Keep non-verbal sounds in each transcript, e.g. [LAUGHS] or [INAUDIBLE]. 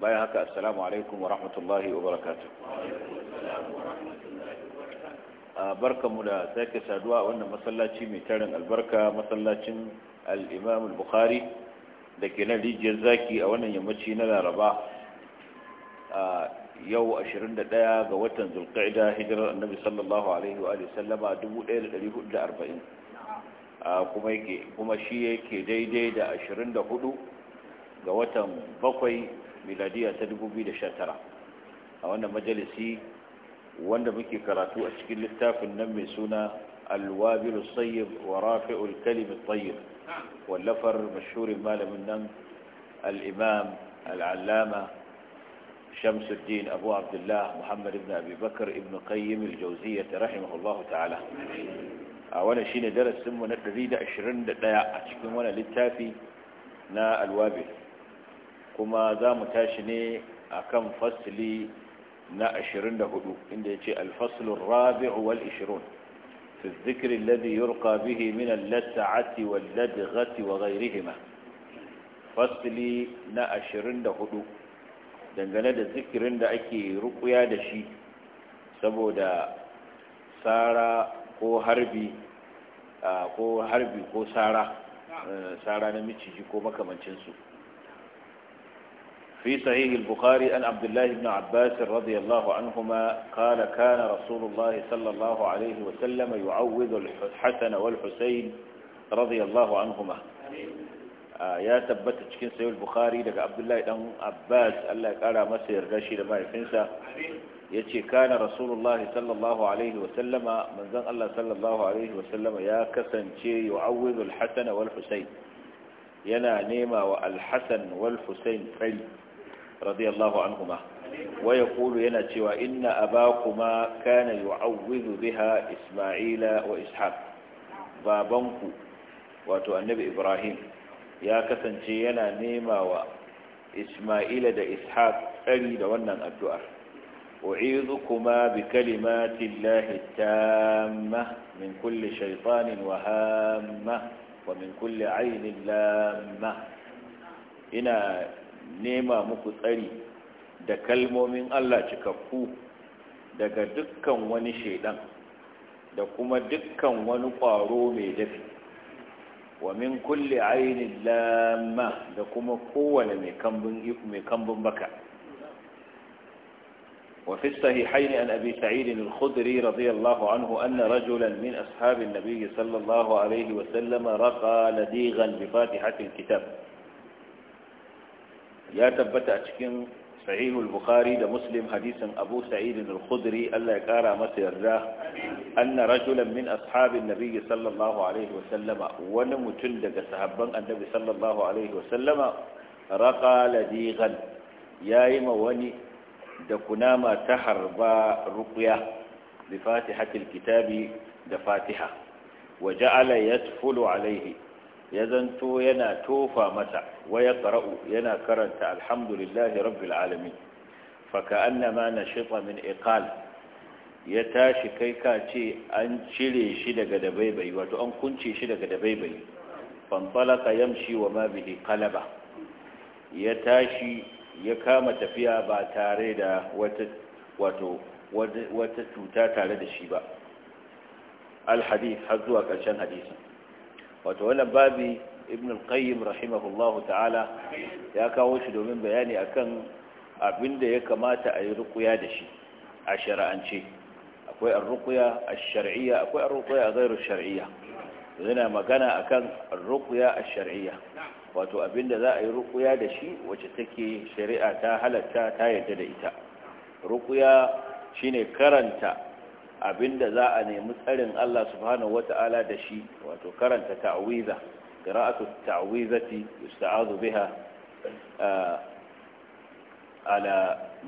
bayan haka assalamu alaikum wa rahmatullahi wa barakatuh barkanmu da sake saduwa a wannan masallaci mai tarin albarka masallacin al-imam al-bukhari da ke nan rijiyar zaki a wannan yammaci na laraba yau 21 ga watan zulqa'ida hijirar annabi sallallahu alaihi wa sallama 1440 kuma yake kuma shi yake daidai da 24 ga watan bakwai ميلادية تدبو بي لشاترة وانا مجلسي وانا بكي كراتو اشكي لفتاف النمي سنة الوابل الصيب ورافع الكلم الطيب واللفر مشهور مال من نم الامام العلامة شمس الدين ابو عبد الله محمد ابن ابي بكر ابن قيم الجوزية رحمه الله تعالى وانا شين درس سمو نتذيد عشرين دقاء اشكي وانا لتافي نا الوابل kuma za mu tashi ne a kan fasili na 24 inda ya ce alfasulun rabi'u wal 20 fi zikirin ladi yurka bihi min minan latta'ati wal ladghati wa gairihima fasili na 24 dangane da zikirin da ake rukuya da shi saboda tsara ko harbi ko harbi ko tsara tsara eh, na miciji ko makamancinsu في صحيح البخاري أن عبد الله بن عباس رضي الله عنهما قال كان رسول الله صلى الله عليه وسلم يعوذ الحسن والحسين رضي الله عنهما آه، يا ثبت تشكين سيول البخاري لك عبد الله بن عباس الله قال ما سير غشي لما يفنسى يتي كان رسول الله صلى الله عليه وسلم من ذن الله صلى الله عليه وسلم يا كسن يعوذ الحسن والحسين ينا نيما والحسن والحسين خير radiyallahu anhuma wa yaqulu yana cewa inna abakuma kana yu'awwidhu biha isma'ila wa ishaq babanku wato annabi ibrahim ya kasance yana nema wa isma'ila da ishaq tsari da wannan addu'ar أعيذكما بكلمات الله التامة من كل شيطان وهامة ومن كل عين لامة ina. nema muku tsari da kalmomin Allah cikakku daga dukkan wani shaidan da kuma dukkan wani ƙwaro mai dafi wa min kulli ainin lamma da kuma kowane mai kambun iku mai kambun baka وفي الصحيحين عن أبي سعيد الخدري رضي الله عنه أن رجلا من أصحاب النبي صلى الله عليه وسلم رقى لديغا بفاتحة الكتاب ya tabbata a cikin sahihul bukhari da muslim hadisin abu sa'id al-khudri Allah ya kara masa yarda anna rajulan min ashabin nabiy sallallahu alaihi wa sallama wani mutum daga sahabban annabi sallallahu alaihi wa sallama raqa ladigan yayi ma wani da kunama ta harba ruqya bi fatihatil kitabi da fatiha wa ja'ala yatfulu alaihi ya zanto yana tofa mata waya qara'u yana karanta alhamdulillahi rabbil alamin fa ka'annama nashita min iqal ya tashi kai ka ce an cire shi daga dabaibai wato an kunce shi daga dabaibai fanfalaka yamshi wa ma bihi qalaba ya tashi ya kama tafiya ba tare da wata wato wata cuta tare da shi ba al hadith har zuwa ƙarshen hadisin wato wannan babi ibn al-qayyim rahimahullahu ta'ala ya kawo shi domin bayani akan abinda ya kamata a yi rukuya da shi a shari'ance akwai ar-ruqya ash-shar'iyya akwai ar-ruqya ghairu shar'iyya yana magana akan ar-ruqya ash-shar'iyya wato abinda za a yi rukuya da shi wacce take shari'a ta halatta ta yarda da ita rukuya shine karanta abinda za a nemi tsarin Allah subhanahu wata'ala da shi wato karanta ta'awiza qira'atu ta'awizati yusta'azu biha eh, ala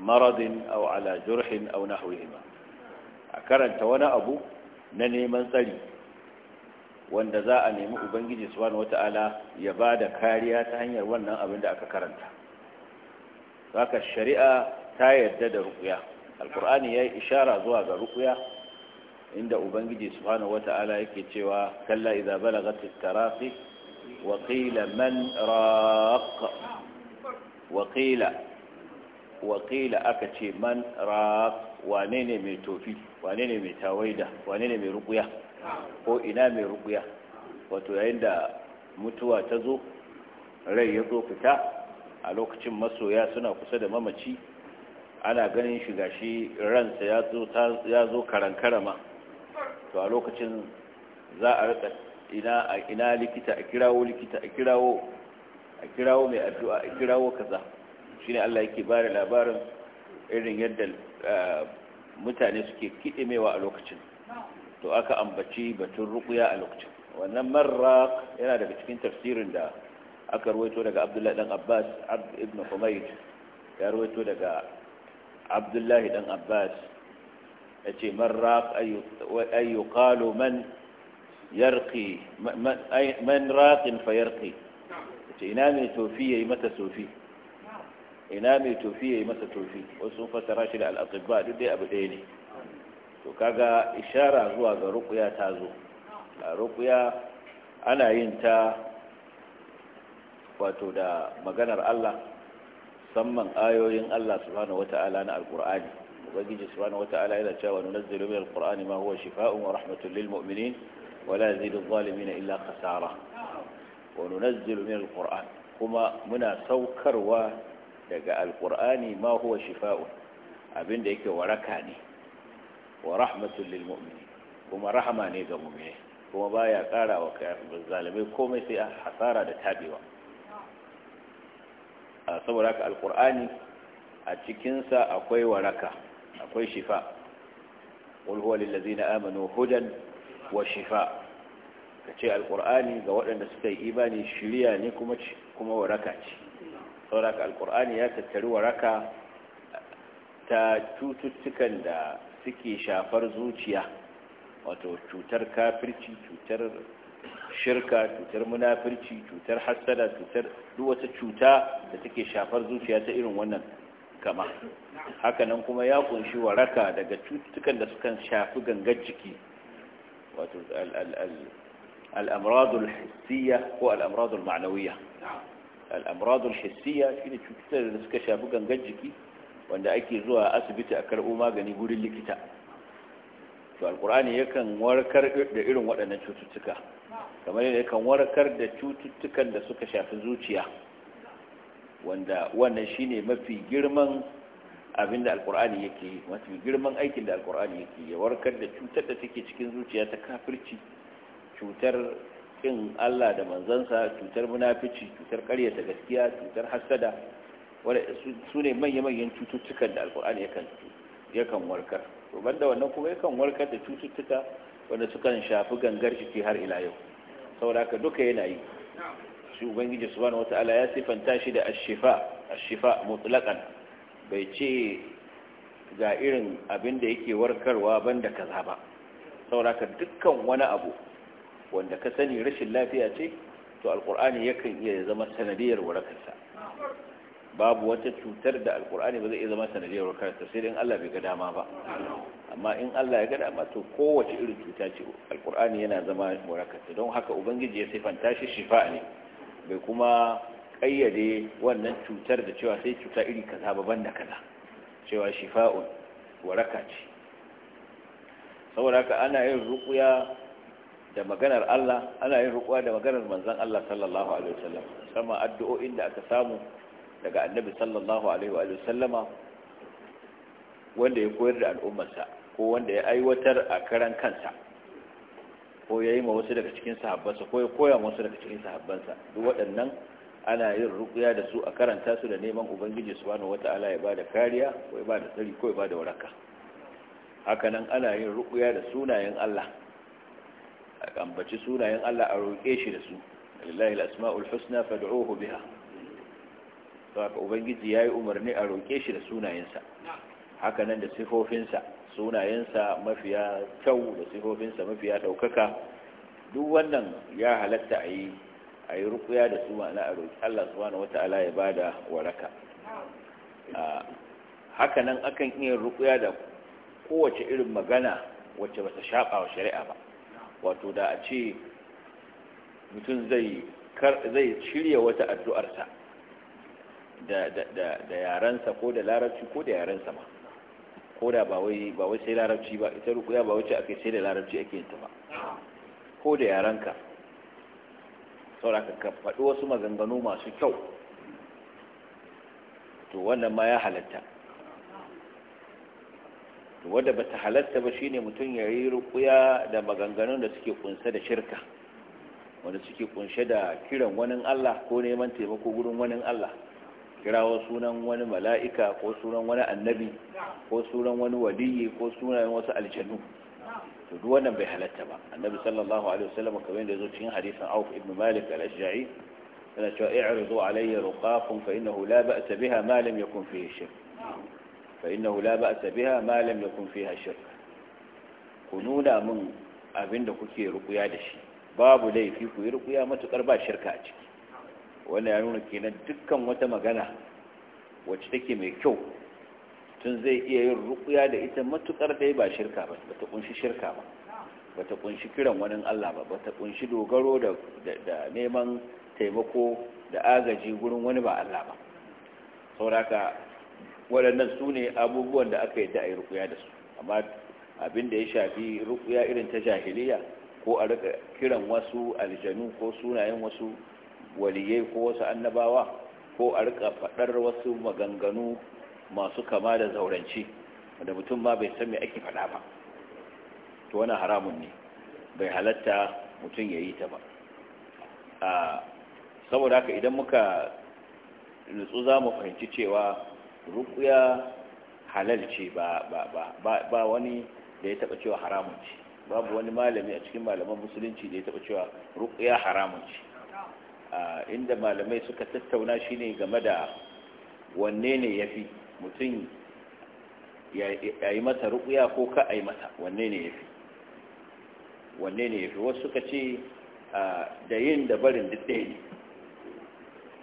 maradin aw ala jurhin aw nahwihima a karanta wani abu na neman tsari wanda za a nemi ubangiji subhanahu wata'ala ya bada kariya ta hanyar wannan abin da aka karanta haka shari'a ta yarda da ruqya alqur'ani yayi ishara zuwa ga ruqya inda ubangiji subhanahu wata'ala yake cewa kalla idza balagat at-taraqi wa qila man raq wa qila wa qila aka ce man raq wane ne mai tofi wane ne mai tawaida wane ne mai ruqya ko ina mai ruqya wato yayin da mutuwa ta zo rai ya zo fita a lokacin masoya suna kusa da mamaci ana ganin shi gashi ransa ya zo karankarama to a lokacin za a rika ina a ina likita a kirawo likita a kirawo a kirawo mai addu'a a kirawo kaza shine Allah yake bada labarin irin yadda eh, mutane suke kidimewa a lokacin to aka ambaci batun ruqya a lokacin wannan marraq yana daga cikin tafsirin da aka ruwaito daga Abdullahi dan Abbas Abd ibn Humayd ya ruwaito daga Abdullahi dan Abbas yace man raq ay yuqalu man yarqi man raqin fa yarqi yace ina mai tofi yi mata tofi ina mai tofi yi masa tofi wasu sun fassara shi da al duk dai abu ɗaya ne to kaga ishara zuwa ga ruqya ta zo a ruqya ana yin ta wato da maganar Allah musamman ayoyin Allah subhanahu wata'ala na alkur'ani ubangiji subhanahu wata'ala yana cewa nunazzilu min alqur'ani ma huwa shifaa'un wa rahmatun lil wa la yazidu adh-dhalimin illa khasara wa nunazzilu min alqur'an kuma muna saukarwa daga alqur'ani ma huwa shifaa'un abinda yake waraka ne wa rahmatun kuma rahama ne ga mu'mini kuma baya kara wa zalimai komai sai hasara da tabewa saboda haka alqur'ani a cikinsa akwai waraka akwai shifa qul huwa lil ladzina amanu hudan wa shifa kace alqur'ani ga waɗanda suka yi imani shiriya ne kuma kuma waraka ce saboda alqur'ani ya tattari waraka ta cututtukan da suke shafar zuciya wato cutar kafirci cutar shirka cutar munafirci cutar hassada cutar duk wata cuta da take shafar zuciya ta irin wannan kama hakanan kuma ya kunshi waraka daga cututtukan da suka shafi gangar jiki wato al'amradul hissiya ko al'amradul ma'anawiya al'amradul hissiya shi ne cututtukan da suka shafi gangar jiki wanda ake zuwa asibiti a karɓo magani wurin likita to alkur'ani yakan warkar da irin waɗannan cututtuka kamar yadda yakan warkar da cututtukan da suka shafi zuciya wanda wannan shine mafi girman abin da alkur'ani yake yi mafi girman aikin da alkur'ani yake ya warkar da cutar da take cikin zuciya ta kafirci cutar in Allah da manzansa cutar munafici cutar karyata gaskiya cutar hasada su ne manya-manyan cututtukan da alkur'ani yakan yakan warkar to da wannan kuma yakan warkar da cututtuka wanda sukan shafi gangar ciki har ila yau saboda haka duka yana yi shi ubangiji subhanahu wata'ala ya sifanta shi da ashifa ashifa mutlaqan bai ce ga irin abin da yake warkarwa banda kaza ba sauraka dukkan wani abu wanda ka sani rashin lafiya ce to alqur'ani yakan iya zama sanadiyar warakarsa babu wata cutar da alqur'ani ba zai iya zama sanadiyar warakarsa sai in Allah bai ga dama ba amma in Allah ya ga dama to kowace irin cuta ce alqur'ani yana zama warakarsa don haka ubangiji ya sifanta shi shifa ne bai kuma ƙayyade wannan cutar da cewa sai cuta iri kaza ba da kaza cewa shifa'un waraka ce saboda haka ana yin rukuya da maganar Allah ana yin rukuya da maganar manzon Allah sallallahu alaihi wasallam sama addu'o'in da aka samu daga annabi sallallahu alaihi wa sallama wanda ya koyar da al'ummarsa ko wanda ya aiwatar a karan kansa ko ya yi ma wasu daga cikin sahabbansa ko ya koya ma wasu daga cikin sahabbansa duk waɗannan ana yin rukuya da su a karanta su da neman ubangiji su wata wata'ala ya bada kariya ko ya bada tsari ko ya bada waraka hakanan ana yin rukuya da sunayen Allah a ambaci sunayen Allah a roƙe shi da su lillahi asmaul husna fad'uhu biha to haka ubangiji yi umarni a roƙe shi da sunayensa hakanan da sifofinsa sunayensa mafiya kyau da sifofinsa mafiya ɗaukaka duk wannan ya halatta a yi a yi rukuya da su ma'ana a roƙi Allah wata wata'ala ya ba da waraka haka nan akan iya rukuya da kowace irin magana wacce ba ta shaɓa wa shari'a ba wato da a ce mutum zai shirya wata addu'arsa da yarensa ko da larabci ko da yarensa ma ko da ba wai sai larabci ba ita rukuya ba wacce ake sai da larabci ake yin ta ba ko da yaranka sauraka ka faɗi wasu maganganu masu kyau to wannan ma ya halatta to wadda ba ta halatta ba shine mutum ya yi rukuya da maganganun da suke kunsa da shirka wanda suke kunshe da kiran wani Allah ko neman taimako gurin wani Allah kirawo sunan wani mala'ika ko sunan wani annabi ko sunan wani waliyi ko sunan wasu aljanu to duk wannan bai halatta ba annabi sallallahu alaihi wasallam kamar yadda yazo cikin hadisin Auf ibn Malik al-Ashja'i yana cewa i'ridu alayya ruqafun fa innahu la ba'sa biha ma lam yakun fihi shirk fa innahu la ba'sa biha ma lam yakun fiha shirk ku nuna min abinda kuke rukuya da shi babu laifi ku yi rukuya matukar ba shirka a ciki wanda ya nuna kenan dukkan wata magana wacce take mai kyau tun zai iya yin rukuya da ita matukar dai ba shirka ba ta kunshi shirka ba ta kunshi kiran wani Allah ba ta kunshi dogaro da neman taimako da agaji gurin wani ba Allah ba sauraka waɗannan su ne abubuwan da aka yi a yi rukuya da su amma abin da ya shafi rukuya irin ta jahiliya ko a rika kiran wasu aljanu ko sunayen wasu waliyai ko wasu annabawa ko a rika faɗar wasu maganganu masu kama da zauranci da mutum ma bai san me ake faɗa ba to wani haramun ne bai halatta mutum ya yi ta ba saboda haka idan muka nutsu za mu fahimci cewa rukuya halal ce ba wani da ya taɓa cewa haramun ce babu wani malami a cikin malaman musulunci da ya taɓa cewa rukuya haramun ce inda malamai suka tattauna shi ne game da wanne ne ya fi mutum ya yi mata rukuya ko ka a yi mata wanne ne ya fi wanne ne ya fi wasu suka ce da yin da barin duk ɗaya ne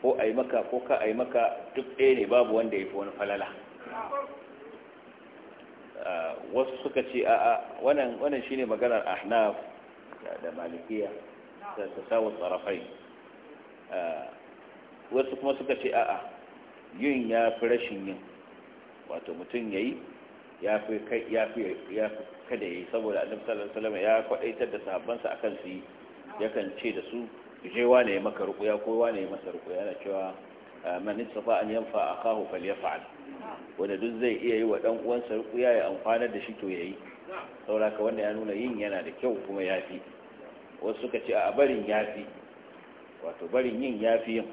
ko a yi maka ko ka a yi maka duk ɗaya ne babu wanda ya fi wani falala wasu suka ce a'a wannan shine maganar ahnaf da malikiya da tasawun tsarafai Eh, wasu kuma suka ce a'a yin ya fi rashin yin wato mutum ya yi ya fi kada ya yi saboda annabi sallallahu alaihi wasallam ya kwadaitar da sahabbansa akan su yi yakan ce da su je wane ya maka rukuya ko wane ya masa rukuya yana cewa eh, man istafa an yanfa akahu falyaf'al wanda duk zai iya yi wa dan uwansa rukuya ya amfana da shi to yayi saboda ka wanda ya nuna yin yana da kyau kuma yafi wasu suka ce a barin yafi wato barin yin ya fi yin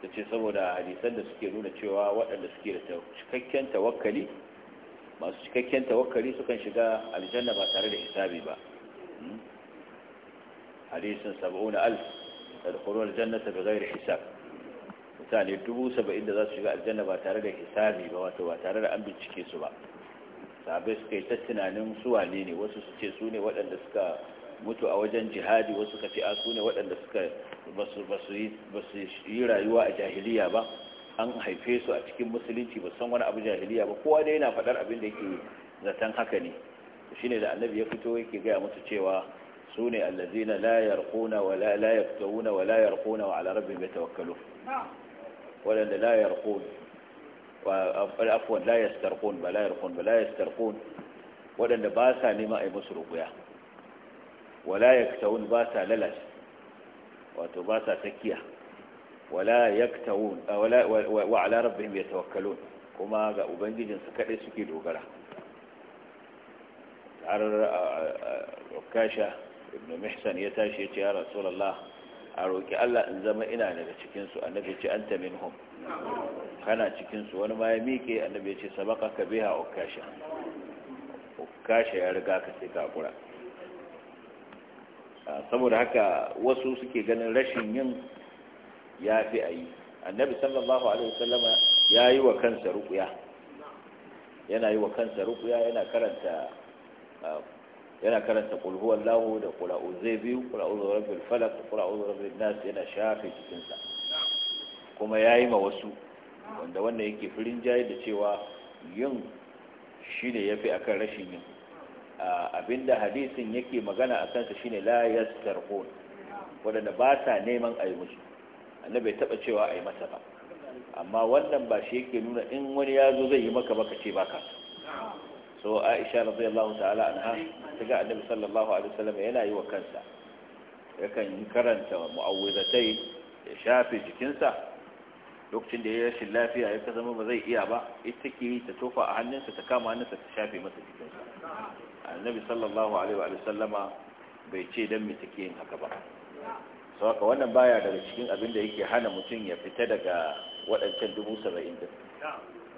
ta ce saboda hadisan da suke nuna cewa waɗanda suke da cikakken tawakkali masu cikakken tawakkali sukan shiga aljanna ba tare da hisabi ba hmm? hadisin saba'una alf da dukuruwar jannata bai da hisab mutane dubu saba'in da za su shiga aljanna ba tare da hisabi ba wato ba tare da an bincike su ba sabai suka yi ta tunanin suwa ne ne wasu su ce su ne waɗanda suka mutu a wajen jihadi wasu suka ce a su ne waɗanda suka su yi rayuwa a jahiliya ba an haife su a cikin musulunci ba san wani abu jahiliya ba kowa dai yana faɗar abin da yake zaton haka ne shi ne da annabi ya fito yake gaya musu cewa su ne allazina la yarquna wa la la wa la yarquna wa ala rabbihim yatawakkalun waɗanda la yarquna wa afwan la yastarqun ba la yarqun ba la yastarqun waɗanda ba sa nema ai musu ruqya wala yaktawun ba sa lalace wato ba sa tsakiya wala yaktawun wa ala rabbihim yatawakkalun kuma ga ubangijin su kadai suke dogara har rukasha ibn mihsan ya tashi ya ce ya rasulullah a roki Allah in zama ina daga cikin su annabi ce anta minhum kana cikin su wani ma ya mike annabi ya ce ka biha ukasha ukasha ya riga ka sai ka kura saboda haka wasu suke ganin rashin yin ya fi a yi annabi sallallahu alaihi wasallama ya yi wa kansa rukuya yana yi wa kansa rukuya yana karanta yana karanta qul lahu da kula'u zai biyu qul a'udhu rabbil falaq kula'u a'udhu rabin nas yana shafe cikinsa kuma ya yi ma wasu wanda wannan yake firin jayi da cewa yin shi ne ya a akan rashin yin abinda hadisin yake magana a kansa shine la yastarqun wadanda ba sa neman a yi musu annabi ya taba cewa a yi masa ba amma wannan ba shi yake nuna in wani ya zo zai yi maka baka ce baka so aisha radiyallahu ta'ala anha ta ga annabi sallallahu alaihi wasallam yana yi wa kansa yakan karanta mu'awwizatai ya shafe jikinsa lokacin da ya rashin lafiya ya zama ba zai iya ba ita ke yi ta tofa a hannunsa ta kama hannunsa ta shafe masa jikin annabi sallallahu alaihi wa sallama bai ce dan me take yin haka ba sau haka wannan baya daga cikin abin da yake hana mutum ya fita daga waɗancan dubu saba'in din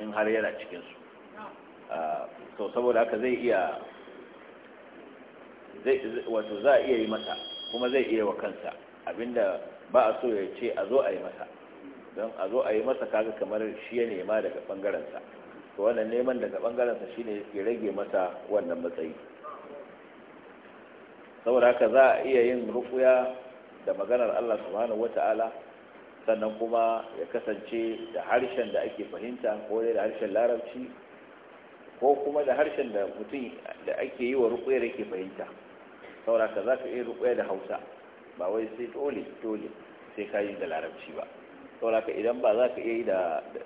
in har yana cikinsu sau ah, saboda haka zai iya wato za a iya yi masa kuma zai iya wa kansa abinda ba a so ya ce a zo a yi masa don a zo a yi masa kaga kamar shi ya nema daga ɓangarensa to wannan neman daga ɓangarensa shine yake rage masa wannan matsayi saboda haka za a iya yin rukuya da maganar Allah subhanahu wata'ala sannan kuma ya kasance da harshen da ake fahimta ko da harshen larabci ko kuma da harshen da mutum da ake yi wa rukuyar yake fahimta saboda haka za ka iya rukuya da hausa ba wai sai dole dole sai ka yi da larabci ba saboda idan ba za ka iya da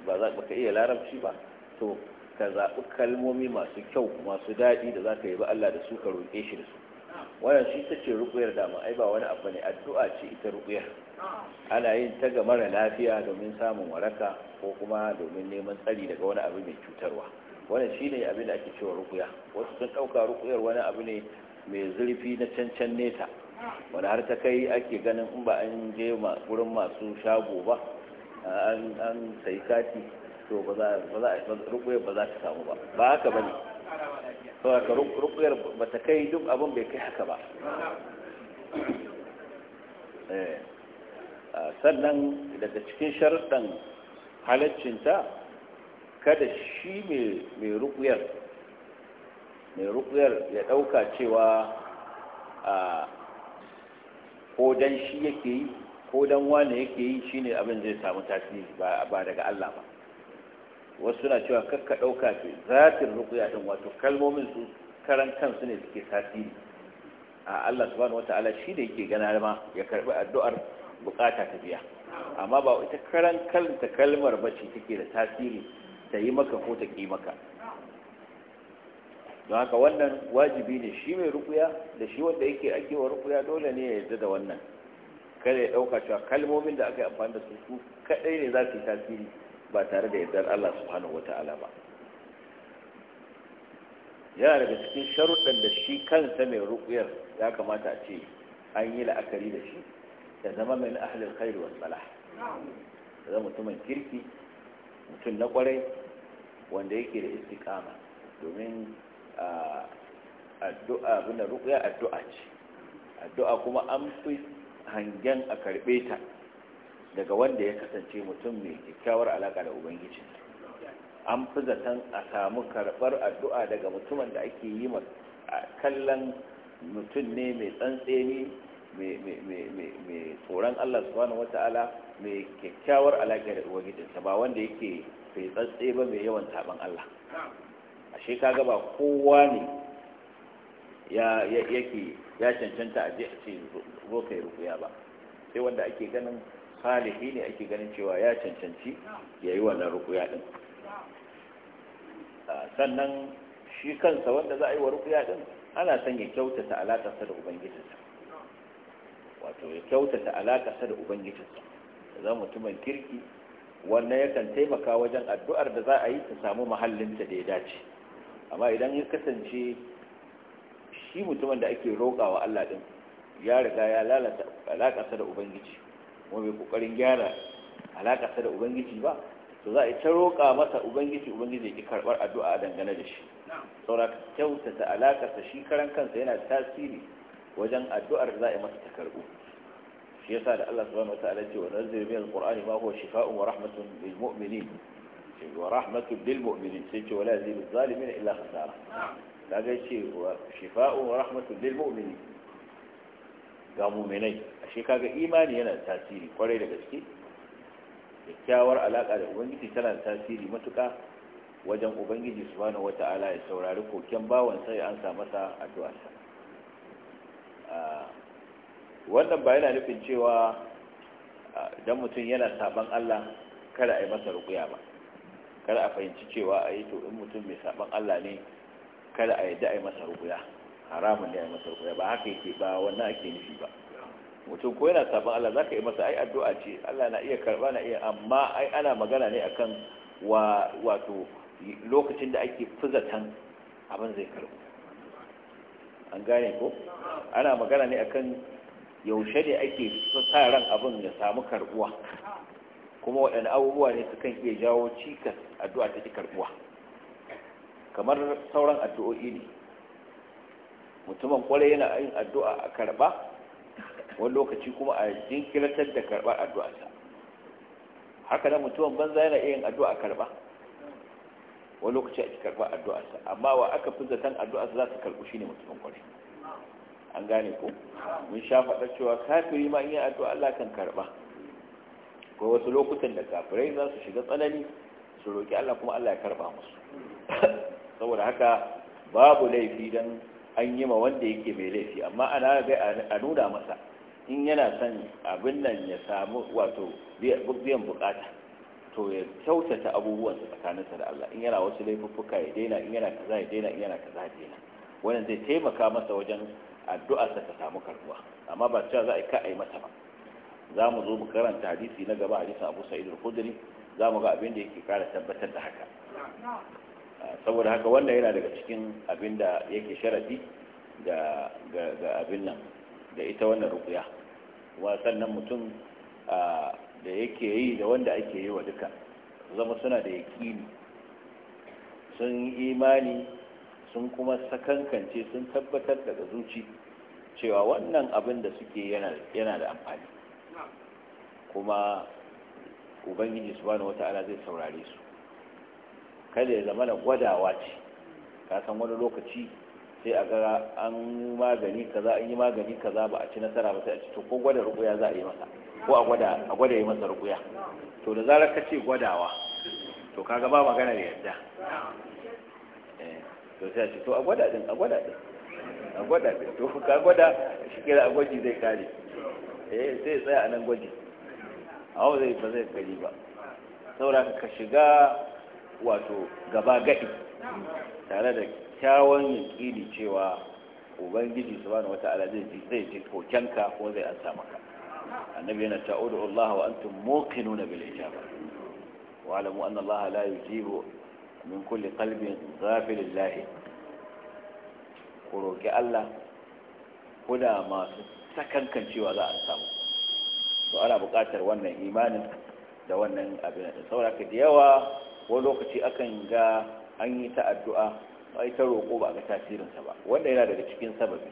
ba za ka iya larabci ba to ka zaɓi kalmomi masu kyau masu daɗi da za ka yi ba Allah da su ka roƙe shi da su wannan shi ta ce rukuyar dama ai ba wani abu ne addu'a ce ita rukuyar ana yin ta ga mara lafiya domin samun waraka ko kuma domin neman tsari daga wani abu mai cutarwa wannan shine abin da ake cewa rukuya wasu sun ɗauka rukuyar wani abu ne mai zurfi na cancan nesa wani har ta kai ake ganin in ba an je wurin masu shago ba an sai kati to ba za ba za ta samu ba ba haka ba ne saboda rukuyar ba ta kai duk abin bai kai haka ba [COUGHS] eh, sannan daga cikin sharuɗan halaccinta kada shi mai rukuyar mai rukuyar ya ɗauka cewa a kodan shi yake yi ko dan wane yake yi shine abin zai samu tasiri ba daga Allah ba wasu suna cewa kakka ɗauka ce zatin rukuya ɗin wato kalmomin su karan kansu ne suke tasiri a Allah subhanahu wata'ala shi da yake gana ma ya karbi addu'ar bukata ta biya amma ba ita karan kanta kalmar bace take da tasiri ta yi maka ko ta ki maka don haka wannan wajibi ne shi mai rukuya da shi wanda yake ake wa rukuya dole ne ya yarda da wannan kada ya ɗauka cewa kalmomin da aka yi amfani da su su kaɗai ne za su yi tasiri ba tare da yardar Allah subhanahu wa ba yana daga cikin sharuɗan da shi kansa mai ruƙuyar ya kamata a ce an yi la'akari da shi ya zama mai na ahalin wa salah ya zama mutumin kirki mutum na kwarai wanda yake da istiqama domin addu'a bin ruƙuya addu'a ce addu'a kuma an fi hangen a karɓe ta daga wanda ya kasance mutum mai kyakkyawar alaƙa da ubangiji an fi zaton a samu karɓar addu'a daga mutumin da ake yi kallon mutum ne mai tsantseni mai tsoron Allah subhanahu wata'ala mai kyakkyawar alaƙa da ubangijinsa ba wanda yake fai tsantse ba mai yawan taɓan Allah a shekaga ba kowa ne yake ya cancanta a je a ce zo kai rukuya ba sai wanda ake ganin salihi ne ake ganin cewa ya cancanci ya yi wannan rukuya din ah, sannan shi kansa wanda za a yi wa rukuya din ana son ya kyautata alaƙarsa da ubangijinsa wato ya kyautata alaƙarsa da ubangijinsa za mutumin kirki wannan yakan taimaka wajen addu'ar da za a yi ta samu mahallinta da ya dace amma idan ya kasance shi mutumin da ake roƙawa Allah din ya riga ya lalata alaƙarsa da ubangiji kuma bai ƙoƙarin gyara alaƙarsa da ubangiji ba to za a ta roƙa masa ubangiji ubangiji ya ki karɓar addu'a dangane da shi saura kyautata alaƙarsa shi karan kansa yana tasiri wajen addu'ar za a yi masa ta karɓu shi yasa da Allah subhanahu wataala ce wa nazzil min alqur'ani ma huwa Shifa'un wa rahmatun lil mu'minin wa rahmatun lil mu'minin sai ce wala yazidu zalimin illa khasara kaga ce wa shifa'u wa rahmatu lil mu'minin ga mu'minai ashe kaga imani yana da tasiri kwarai da gaske kyakkyawar alaka da ubangiji tana da tasiri matuka wajen ubangiji subhanahu wata'ala ya saurari koken bawan sai an sa masa addu'a wannan ba yana nufin cewa dan mutum yana saban Allah kada a yi masa ruqiya ba kada a fahimci cewa a yi to in mutum mai saban Allah ne kada a yadda a yi masa rukuya haramun ne a yi masa rukuya ba haka yake ba wannan ake nufi ba mutum ko yana sabon Allah zaka yi masa ai addu'a ce Allah na iya karba na iya amma ai ana magana ne akan wa wato lokacin da ake fuzatan abin zai karbu an gane ko ana magana ne akan yaushe ne ake sa ran abin ya samu karbuwa kuma waɗanne abubuwa ne sukan iya jawo cikas addu'a ta ji karbuwa kamar sauran addu'o'i ne mutumin kwarai yana yin addu'a a karba wani lokaci kuma a jinkirtar da karɓar addu'arsa haka nan mutumin banza yana yin addu'a a karba wani lokaci a ci addu'a addu'arsa amma wa aka fi zaton addu'arsa za su karbu shi ne mutumin kwarai an gane ko mun sha faɗa cewa kafiri ma yin addu'a Allah kan karɓa ko wasu lokutan da kafirai za su shiga tsanani su roƙi Allah kuma Allah ya karɓa musu saboda haka babu laifi dan an yi ma wanda yake mai laifi amma ana ga a nuna masa in yana son abin nan ya samu wato biyan bukata to ya kyautata abubuwan tsakaninsa da Allah in yana wasu laifuffuka ya daina in yana kaza ya daina in yana kaza ya daina wannan zai taimaka masa wajen addu'arsa ta samu karbuwa amma ba cewa za a yi ka a yi masa ba za mu zo mu karanta hadisi na gaba hadisin abu sa'id al-khudri za mu ga abin da yake kara tabbatar da haka saboda haka wannan yana daga cikin abin da yake sharadi ga abin nan da ita wannan rukuya sannan mutum da yake yi da wanda ake yi wa duka zama suna da yaƙini sun imani sun kuma sakankance sun tabbatar daga zuci cewa wannan abin da suke yana da amfani kuma ubangiji subhanahu wata'ala zai saurare su kada ya zama na gwadawa ce ka san wani lokaci sai a gara an magani kaza an yi magani kaza ba a ci nasara ba sai a ci to ko gwada rukuya za a yi masa ko a gwada a gwada yi masa rukuya to da zarar ka ce gwadawa to kaga ba magana da yadda eh, to sai a ce to a gwada din a gwada din a gwada din to ka gwada shi kira a gwaji zai kare eh sai tsaya a nan gwaji a zai ba zai kari ba saboda ka shiga wato gaba gadi tare da kyawun yankini cewa ubangiji subhanahu wata'ala wata ji zai ji kokenka ko zai ansa maka annabi yana ta ud'u Allah wa antum muqinuna bil ijaba wa alamu anna Allah la yujibu min kulli qalbin ghafilin lahi ku roƙi Allah da masu sakankan cewa za a samu to ana buƙatar wannan imanin da wannan abin da saboda da yawa wani lokaci akan ga an yi ta addu'a ba ta roƙo ba ga tasirinsa ba wanda yana daga cikin sababi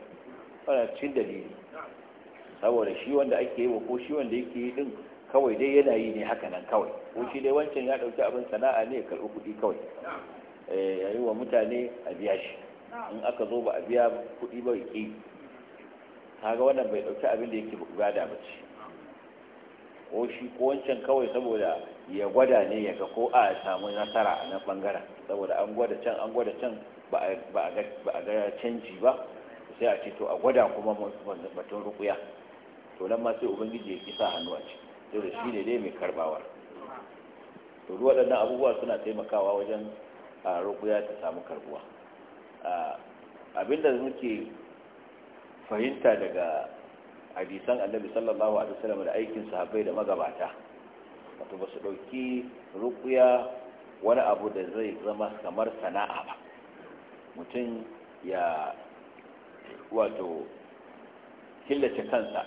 wanda cikin dalili saboda shi wanda ake yi wa ko shi wanda yake yi din kawai dai yana yi ne haka nan kawai ko shi dai wancan ya ɗauki abin sana'a ne ya karɓi kuɗi kawai ya eh, yi wa mutane a biya shi in aka zo ba a biya kuɗi ba ya ƙi kaga wannan bai ɗauki abin da yake bada ba ce ko shi ko wancan kawai saboda ya gwada ne ya ga ko a samu nasara na bangaren saboda an gwada can an gwada can ba a ga canji ba sai a ce to a gwada kuma batun rukuya to nan ma sai ubangiji ya kisa hannu a ciki to da shi ne dai mai karbawar to duk waɗannan abubuwa suna taimakawa wajen a rukuya ta samu karbuwa abinda muke fahimta daga hadisan annabi sallallahu alaihi wasallam da aikin sahabbai da magabata wato ba su ɗauki ruqya wani abu da zai zama kamar sana'a ba mutum ya wato killace kansa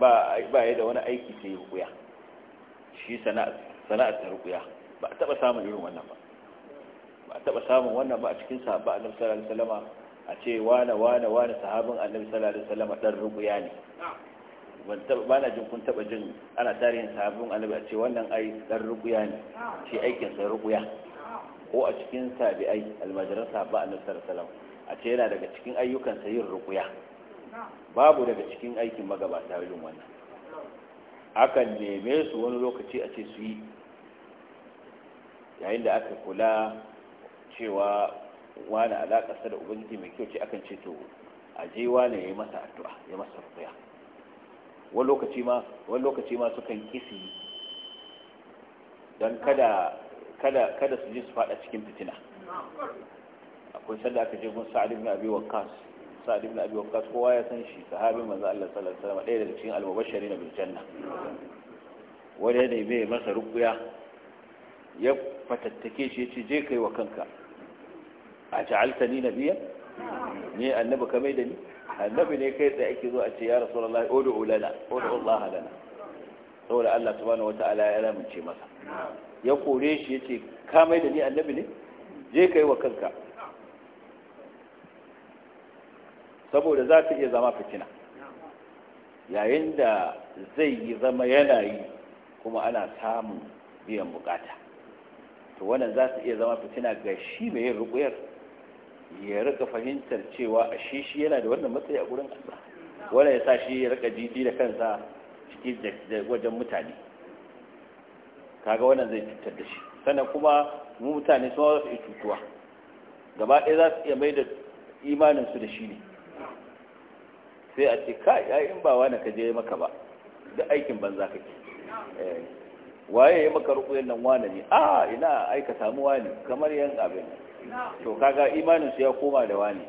ba ya da wani aiki sai ruqya shi sana'ar ta ruqya ba a taɓa samun irin wannan ba ba a taɓa samun wannan ba a cikin sahabba annabi sallallahu alaihi wasallam a ce wane wane wane sahabin annabi sallallahu alaihi wasallam dan ruqya ne ban taba bana jin kun taba jin ana tarihin sahabin annabi a ce wannan ai dan ruqya ne ce aikin sa ruqya ko a cikin tabi'ai almajiran sahabba annabi sallallahu alaihi wasallam a ce yana daga cikin ayyukan sa yin ruqya babu daga cikin aikin magabata yin wannan akan neme su wani lokaci a ce su yi yayin da aka kula cewa wani alaƙa da ubangiji mai kyau ce akan ce to a je wani ya yi masa addu'a ya masa rukuya wani lokaci ma wani lokaci ma sukan kisi don kada kada kada su je su fada cikin fitina akwai sanda aka je gun sa'ad ibn abi waqqas sa'ad ibn abi waqqas kowa ya san shi sahabin manzo Allah sallallahu alaihi wasallam daya daga cikin al na bil janna wani ne mai masa rukuya ya fatattake shi ya ce je kai wa kanka a ni nabiya ne annabi ka mai da ni annabi ne kai tsaye ake zo a ce ya rasulullahi ud'u lana ud'u Allah lana saboda Allah subhanahu wata'ala ya ramince masa ya kore shi yace ka mai da ni annabi ne je kai wa kanka saboda za ta iya zama fitina yayin da zai yi zama yanayi kuma ana samun biyan bukata to wannan za ta iya zama fitina ga shi mai yin rukuyar ya rika fahimtar cewa a shi shi yana da wannan matsayi a gurin Allah wala ya sa shi ya rika jiji da kansa cikin wajen mutane kaga wannan zai cutar da shi sannan kuma mu mutane su wasu iya cutuwa gaba ɗaya za su iya mai da imaninsu da shi ne sai a ce ka ya in ba wani ka je maka ba da aikin banza kake eh, waye ya maka rukuyen nan wani ne a ah, ina aika samu wani kamar yan abin to kaga imanin su ya koma da wani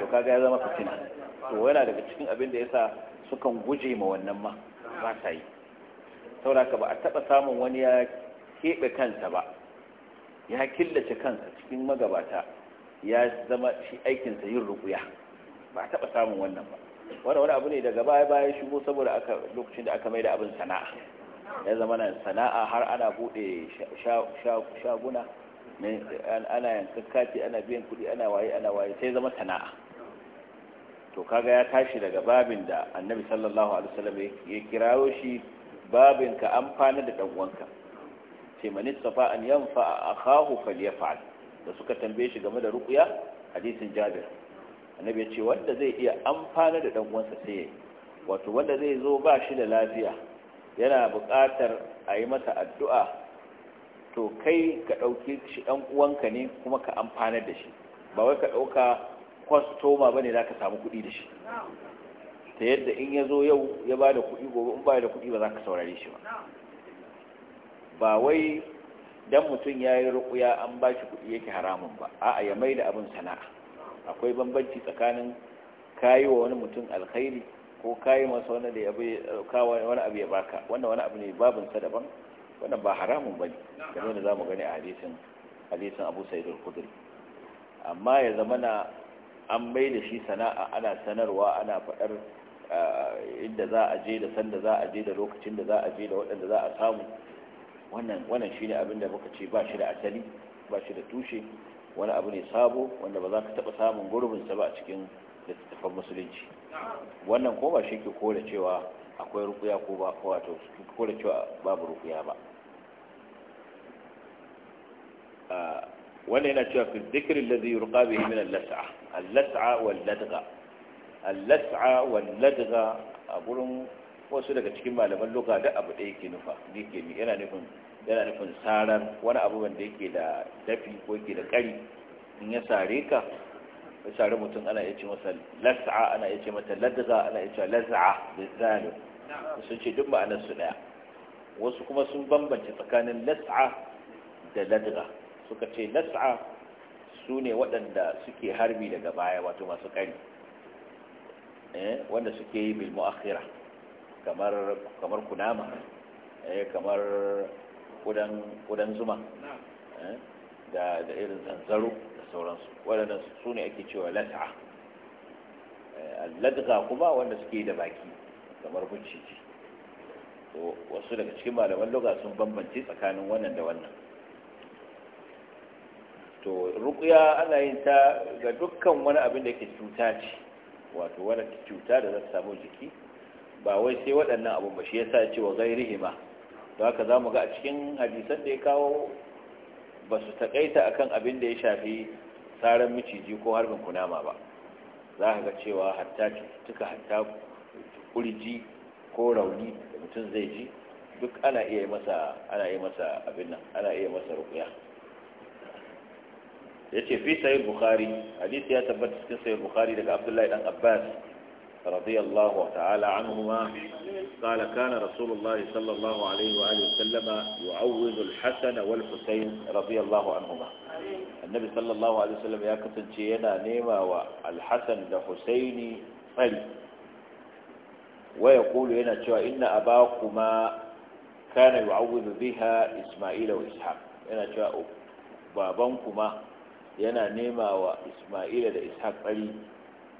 to kaga ya zama fitina to yana daga cikin abin da yasa sukan guje ma wannan ma ba ta yi sauraka ba a taba samun wani ya keɓe kansa ba ya killace kansa cikin magabata ya zama shi aikinsa yin rukuya ba a taɓa samun wannan ba wani wani abu ne daga baya baya shigo saboda aka lokacin da aka mai da abin sana'a ya zama nan sana'a har ana bude shaguna ana yankan kati, ana biyan kuɗi ana waye ana waye sai zama sana'a to kaga ya tashi daga babin da annabi sallallahu alaihi wasallam ya kirawo shi babin ka amfana da dan uwanka ce man istafa an yanfa akahu falyaf'al da suka tambaye shi game da ruqya hadisin jabir annabi ya ce wanda zai iya amfana da dan uwansa sai yayi wato wanda zai zo ba shi da lafiya yana buƙatar a yi masa addu'a to kai ka ɗauki shi ɗan uwanka ne kuma ka amfanar da shi ba wai ka ɗauka kwastoma ba ne za ka samu kuɗi da shi ta yadda in ya zo yau ya ba da kuɗi gobe in ba da kuɗi ba za ka saurare shi ba ba wai dan mutum ya yi rukuya an ba shi kuɗi yake haramun ba a'a ya mai da abin sana'a akwai bambanci tsakanin kayi wa wani mutum alkhairi ko kayi masa wani abu ya baka wannan wani abu ne babinsa daban wannan ba haramun bane kamar yadda zamu gani a hadisin hadisin Abu Sa'id al-Khudri amma ya na an mai da shi sana'a ana sanarwa ana faɗar eh, inda za a je da sanda za a je da lokacin da za a je da waɗanda za a samu wannan wannan shine abin da muka ce ba shi da asali ba shi da tushe wani abu ne sabo wanda ba za ka taɓa samun sa ba a cikin littattafan musulunci wannan ko ba shi ke kore cewa akwai rukuya ko ba wato ko da cewa babu rukuya ba wannan yana cewa fi dhikri alladhi yurqa bihi min al-las'a al-las'a wal ladgha al-las'a wal ladgha a gurin wasu daga cikin malaman lugha da abu da yake nufa yake ni yana nufin yana nufin sarar wani abu wanda yake da dafi ko yake da kari in ya sare ka ya sari mutum ana iya ce masa las'a ana iya ce mata ladza ana iya ce laz'a bizalim sun ce duk ma'anar su daya wasu kuma sun bambance tsakanin las'a da ladza suka ce las'a su ne waɗanda suke harbi daga baya wato masu kari, eh, wanda suke yi bil mu'akhira kamar kamar kunama eh, kamar kudan zuma eh, da irin zanzaro da sauransu waɗannan su ne ake cewa lat'a eh, ladga kuma wanda suke da baki kamar bunciji to wasu daga cikin malaman lugha sun bambance tsakanin wannan da wannan to ruqya ana yin ta ga dukkan wani abin da yake cuta ce wato wani cuta da za ta samu jiki ba wai sai waɗannan abun ba shi yasa ya ce wa gairihima don haka za mu ga a cikin hadisan da ya kawo ba su a kan abin da ya shafi tsaron miciji ko harbin kunama ba za ka ga cewa hatta cututtuka hatta kurji ko rauni da mutum zai ji duk ana iya masa ana iya masa abin nan ana iya masa rukuya yace fi sahih bukhari hadisi ya tabbata cikin sahih bukhari daga abdullahi dan abbas رضي الله تعالى عنهما قال كان رسول الله صلى الله عليه وآله وسلم يعوذ الحسن والحسين رضي الله عنهما النبي صلى الله عليه وسلم يا كتنشينا نيما والحسن لحسين علي ويقول هنا شوى إن أباكما كان يعوذ بها إسماعيل وإسحاق هنا شوى بابنكما yana nema wa Ismaila da Ishaq tsari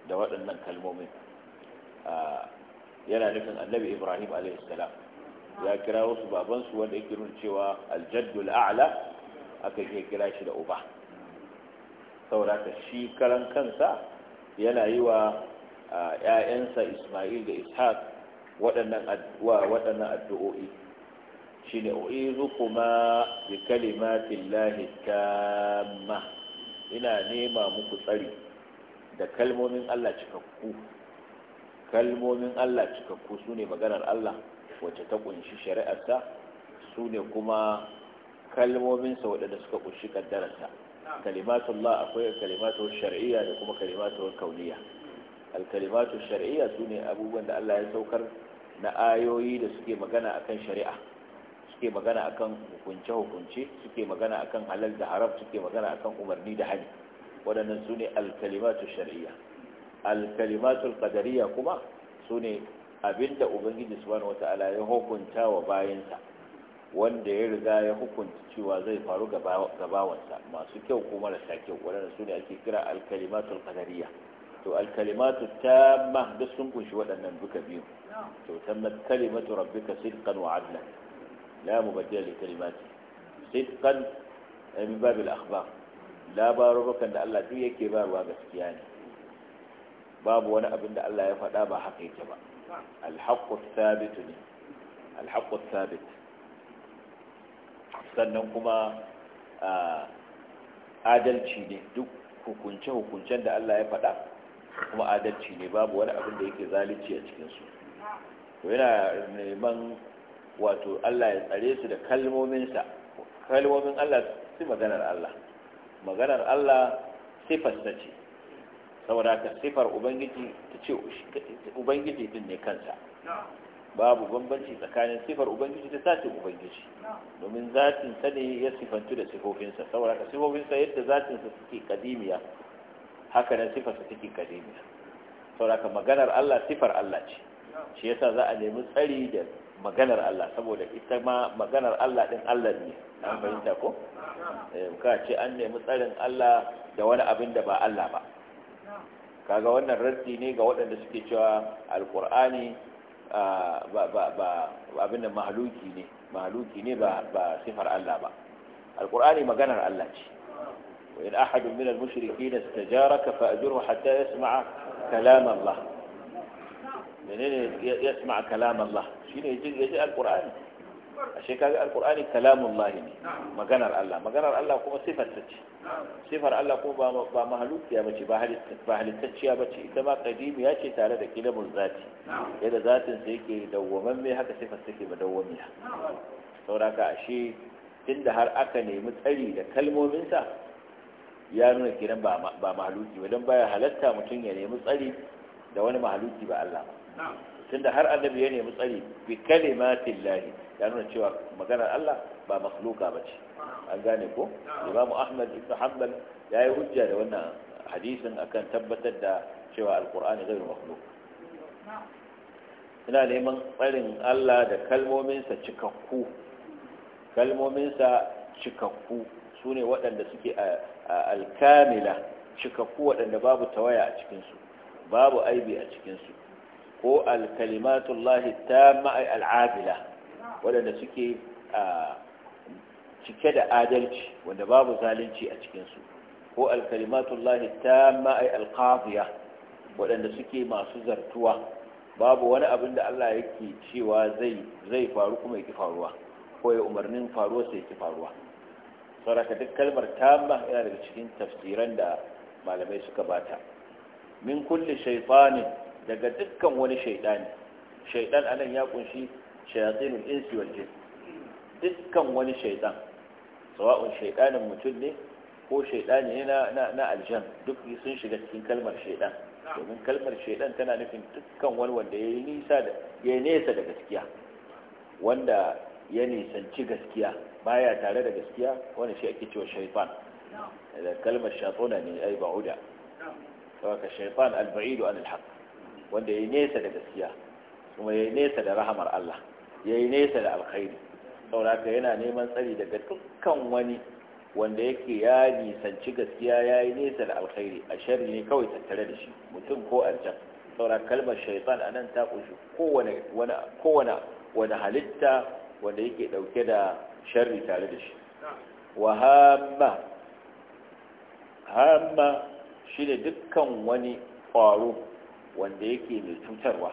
da waɗannan kalmomin yana nufin annabi ibrahim alaihissalam ya kira wasu babansu wanda yake nuna cewa aljaddul a'la aka iya kira shi da uba saboda shi karan kansa yana yi wa ‘ya'yansa ismail da ishaq waɗannan addu'o'i shi ne o'izu kuma bi kalimatin lahi ina nema muku tsari da kalmomin allah cikakku kalmomin Allah cikakku su ne maganar Allah wacce ta kunshi shari'arsa su ne kuma kalmominsa waɗanda suka kunshi ƙaddararsa kalimatullah akwai kalimatun shar'iyya da kuma kalimatun kauniya alkalimatun shar'iyya su ne abubuwan da Allah ya saukar na ayoyi da suke magana akan shari'a suke magana akan hukunce-hukunce suke magana akan halal da haram suke magana akan umarni da hali waɗannan su ne alkalimatu shari'a alkalimatul qadariya kuma su ne abinda ubangiji subhanahu wata'ala ya hukunta wa bayansa wanda ya riga ya hukunta cewa zai faru gabawansa masu kyau ko marasa kyau waɗanda su ne ake kira alkalimatul qadariya to alkalimatu tamma duk sun kunshi waɗannan duka biyu to tammat kalimatu rabbika sidqan wa adla la mubaddila li kalimati sidqan min babil akhbar labarukan da Allah duk yake bayarwa gaskiya ne babu wani abin da Allah ya faɗa ba haka yake ba alhaqqu ne alhaqqu sannan kuma adalci ne duk hukunce hukuncen da Allah ya faɗa kuma adalci ne babu wani abin da yake zalici a cikin su yana neman wato Allah ya tsare su da kalmominsa kalmomin Allah su maganar Allah maganar Allah sifarsa ce saboda ta sifar ubangiji ta ce ubangiji din ne kansa babu bambanci tsakanin sifar ubangiji ta zatin ubangiji domin zatin sa ne ya sifantu da sifofinsa saboda ka sifofinsa yadda zatin sa suke kadimiya haka nan sifar sa take kadimiya saboda ka maganar Allah sifar Allah ce shi yasa za a nemi tsari da maganar Allah saboda ita ma maganar Allah din Allah ne an fahimta ko eh, ka ce an nemi tsarin Allah da wani abin da ba Allah ba kaga wannan raddi ne ga waɗanda suke cewa alƙur'ani ah, ba mahaluki ne mahaluki ne ba sifar Allah ba alkur'ani maganar Allah ce wa in ahadun min al-mushrikeena istajaraka fa ajruhu hatta yasma'a kalam Allah menene yasma'a kalam Allah ya yaji alkur'ani ashe alkur'ani kalamun lahi ne maganar Allah maganar Allah kuma sifar ta ce sifar Allah kuma ba mahalukiya ba ce ba halittacciya ce ita ma ya ce tare da kilamul zati yadda zatin su yake dawwaman mai haka sifar take ba dawwamiya saboda ka ashe da har aka nemi tsari da kalmominsa ya nuna kiran ba mahaluki ba don baya halatta mutum ya nemi tsari da wani mahaluki ba Allah ba da har annabi ya nemi tsari bi kalimatin lahi ya nuna cewa maganar Allah ba makhluka ba ce an gane ko Imam Ahmad ibn Hanbal ya yi hujja da wannan hadisin akan tabbatar da cewa alqur'ani zai makhluq ina neman tsarin Allah da kalmominsa cikakku kalmominsa cikakku su ne waɗanda suke alkamila cikakku waɗanda babu tawaya a cikinsu babu aibi a cikinsu ko alkalimatullahi ta ma'ai al'abila waɗanda suke cike da adalci wanda babu zalunci a cikinsu ko alkalimatullahi ta ma'ai alkafiya waɗanda suke masu zartuwa babu wani abin da Allah yake cewa zai faru kuma yake faruwa ko ya umarnin faruwa sai yake faruwa sauraka duk kalmar tamma yana daga cikin tafsiran da malamai suka bata min kulli shaytanin daga dukkan wani shaydani shaydan anan ya kunshi shayatinul insi wal jin dukkan wani shaytan sawa'un shaytanin mutum ne ko shaydani ne na na aljan duk sun shiga cikin kalmar shaydan domin kalmar shaydan tana nufin dukkan wani wanda ya nisa da nesa da gaskiya wanda ya nisanci gaskiya baya tare da gaskiya wani shi ake cewa shaytan da kalmar shaytana ne yi ba'uda sawaka shaytan al-ba'idu an al-haq wanda ya nesa da gaskiya kuma ya nesa da rahamar Allah ya yi nesa da alkhairi sauraka yana neman tsari daga dukkan wani wanda yake ya nisanci gaskiya ya yi nesa da alkhairi a shari ne kawai tattare da shi mutum ko aljan saura kalmar shaitan a nan ta kunshi kowane wani halitta wanda yake dauke da shari tare da shi wa hamma hamma shi dukkan wani kwaro wanda yake mai cutarwa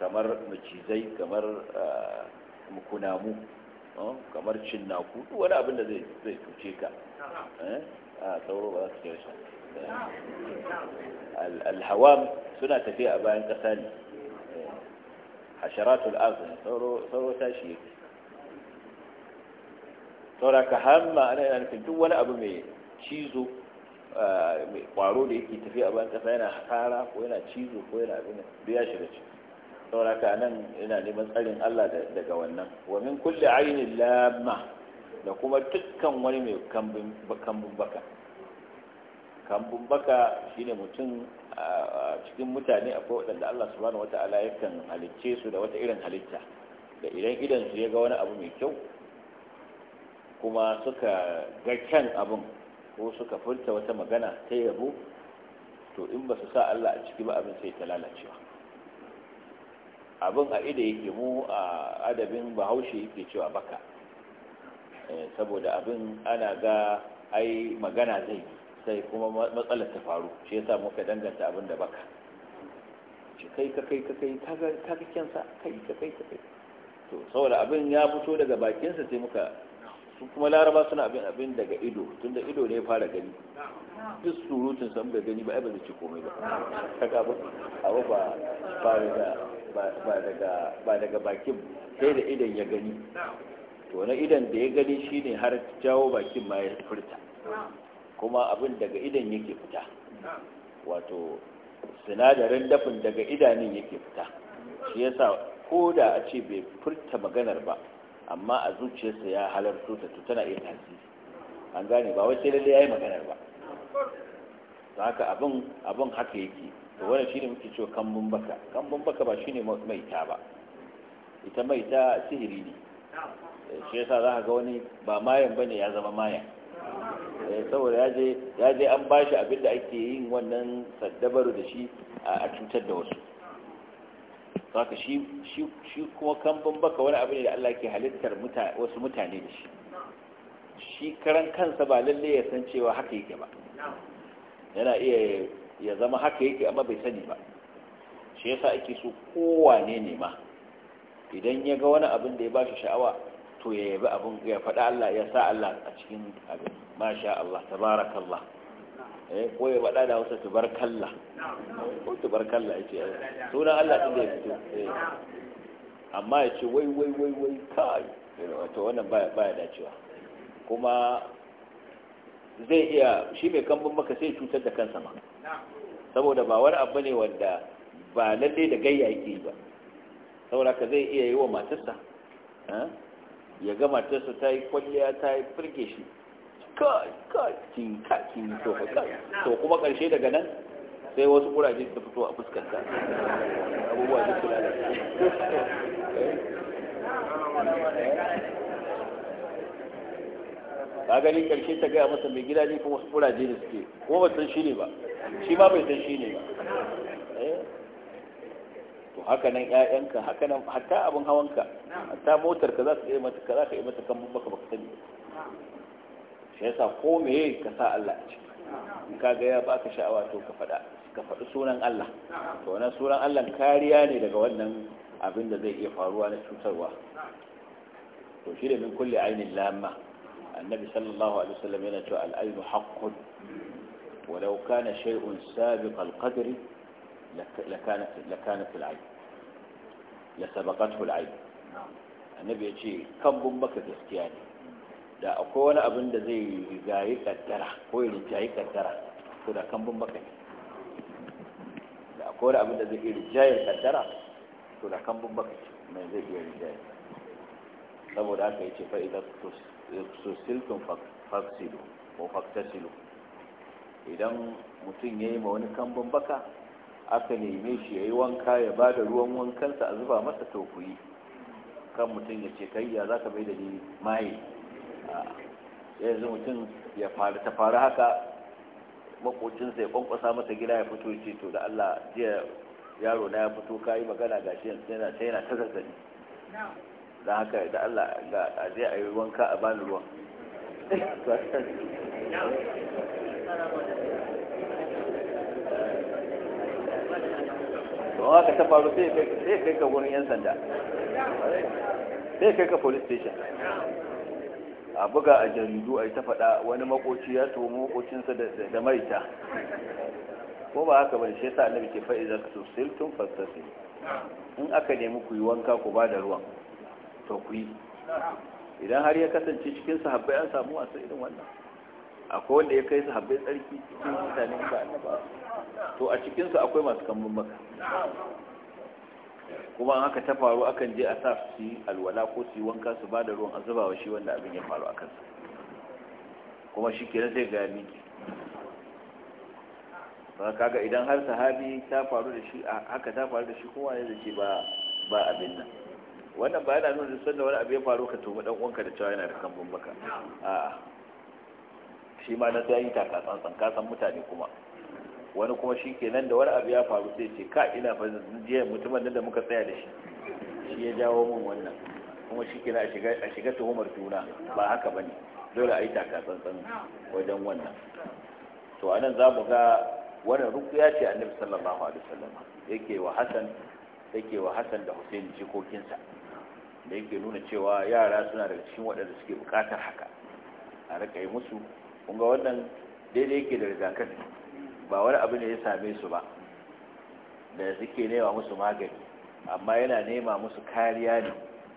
kamar macizai kamar mukunamu kamar cinnaku duk wani abin da zai zai cuce ka a sauro ba za su kyau alhawam suna tafiya a bayan ƙasa ne hasharatul azumi sauro tashi yake saura ka hamma ana yana nufin duk wani abu mai cizo mai kwaro da yake tafiya a bayan ƙasa yana hara ko yana cizo ko yana abin da ya shiga ciki sauraka nan yana neman tsarin Allah daga wannan wa min kulli ainin lamma da kuma dukkan wani mai kambun baka kambun baka shine mutum a cikin mutane akwai waɗanda Allah subhanahu wata'ala yakan halicce su da wata irin halitta da idan idan su ya ga wani abu mai kyau kuma suka ga kyan abin ko suka furta wata magana ta yabo to in ba su sa Allah a ciki ba abin sai ta lalacewa abin a ida yake mu a adabin bahaushe yake cewa baka eh, saboda abin ana ga ai magana zai sai kuma matsalar ta faru shi yasa muka danganta abin da baka shi kai ka kai ka kai ka ga kyansa kai ka kai ka kai to saboda abin ya fito daga bakinsa sai muka su kuma laraba suna abin abin daga ido tunda ido ne ya fara gani duk surutun san ga gani ba ai ba zai ci komai ba kaga ba a ba fara da ba daga bakin sai da idan ya gani to na idan da ya gani shine har jawo bakin ma ya furta kuma abin daga idan yake fita wato sinadarin dafin daga idanun yake fita shi yasa ko da a ce bai furta maganar ba amma a zuciyarsa ya halarto ta to tana iya tasiri an gane ba wai lalle ya yi maganar ba haka abin haka yake wani shi ne muke cewa kambun baka kambun baka ba shi ne maita ba ita maita sihiri ne eh, shi yasa za ka ga wani ba mayan bane ya zama mayan eh, saboda ya je an bashi abin da ake yin wannan saddabaru da shi a cutar da wasu saka shi kuma kambun baka wani abu ne da Allah ke halittar wasu mutane da shi shi karan kansa ba lallai ya san cewa haka yake ba yana iya ya zama haka yake amma bai sani ba shi yasa ake so kowane ne ma idan ya ga wani abin da ya ba shi sha'awa to ya yabi abin ya faɗa Allah ya sa Allah a cikin abin masha Allah tabarakallah eh ko ya faɗa da wasu tabarakallah ko tabarakallah yace eh, sunan Allah din da ya fito eh amma ya ce wai wai wai wai kai wato wannan baya baya dacewa kuma zai iya shi mai kambun maka sai cutar da kansa ma saboda ba wani abu ne wanda ba lalle da gayya yake ba saboda ka zai iya yi wa matarsa ya ga matarsa ta yi kwalliya ta yi firge shi kakin kakin to kuma karshe daga nan sai wasu kuraje su fito a fuskanta abubuwa da kula da ka gani karshe ta gaya masa mai gida ne kuma kuraje da suke ko ba san shi ne ba shi ma bai san shi ne ba eh? to haka nan ƴaƴanka haka nan hatta abin hawanka hatta motar ka za ka yi mata za ka iya mata kan baka baka sani shi yasa ko meye ka sa Allah a ciki in ka ga ya ka sha'awa to ka faɗa ka faɗi sunan Allah to wannan sunan Allah kariya ne daga wannan abin da zai iya faruwa na cutarwa to shi da min kulli ainin lamma النبي صلى الله عليه وسلم ينتهى العين حق ولو كان شيء سابق القدر لكانت لكانت العين لسبقته العين النبي يجي كم بمك في اختياري دا اكو ولا ابن ده جايك جاي كتره كوي اللي جاي كتره كدا كم بمك دا اكو ولا ابن ده زي جاي كتره كدا كم بمك ما زي جاي جاي لو ده كيف فاذا تصل silkin faksilu ko faktasilu idan mutum ya yi ma wani kambun baka aka neme shi ya yi wanka ya ba da ruwan wankansa a zuba masa tokuyi kan mutum ya ce kai ya za bai da ni maye yanzu mutum ya fara ta fara haka makocinsa ya kwankwasa masa gida ya fito ce to da Allah jiya yaro na ya fito kayi magana gashi yanzu yana ta zazzabi da haka da Allah ga aje a yi wanka a bani ruwan [LAUGHS] don haka ta faru sai kai ka wurin yan sanda sai kai ka police station a buga a jaridu a yi ta faɗa wani makoci ya tuwo makocinsa da maita. ko ba haka ban shi yasa annabi ke fa'iza ka tusiltum fastasil in aka nemi ku yi wanka ku ba da ruwan to ku yi idan har ya kasance cikin sahabbai an samu wasu irin wannan akwai wanda ya kai sahabbai tsarki cikin mutane ba ba to a cikinsu akwai masu kambun maka kuma an haka ta faru akan je a sa su yi alwala ko su yi wanka su ba da ruwan an zuba wa shi wanda abin ya faru a kansa kuma shi ke zai gaya miki ba kaga idan har sahabi ta faru da shi haka ta faru da shi kowa ne zai ce ba abin nan wannan ba yana nuna sanda wani abu ya faru ka tuba dan uwanka da cewa yana da kambun baka. a shi ma na zai taka kasan ka kasan mutane kuma wani kuma shi kenan da wani abu ya faru sai ce ka ina fa jiya mutumin da muka tsaya da shi shi ya jawo min wannan kuma shi kenan a shiga a shiga tuhumar juna ba haka bane dole a yi kasan san wajen wannan to anan za mu ga wannan rukuya ce annabi sallallahu alaihi wasallam yake wa hasan yake wa hasan da husaini jikokinsa da yake nuna cewa yara suna daga cikin waɗanda suke bukatar haka a rika yi musu kunga wannan daidai yake da rigakafi ba wani abu ne ya same su ba da suke nema musu magani amma yana nema musu kariya ne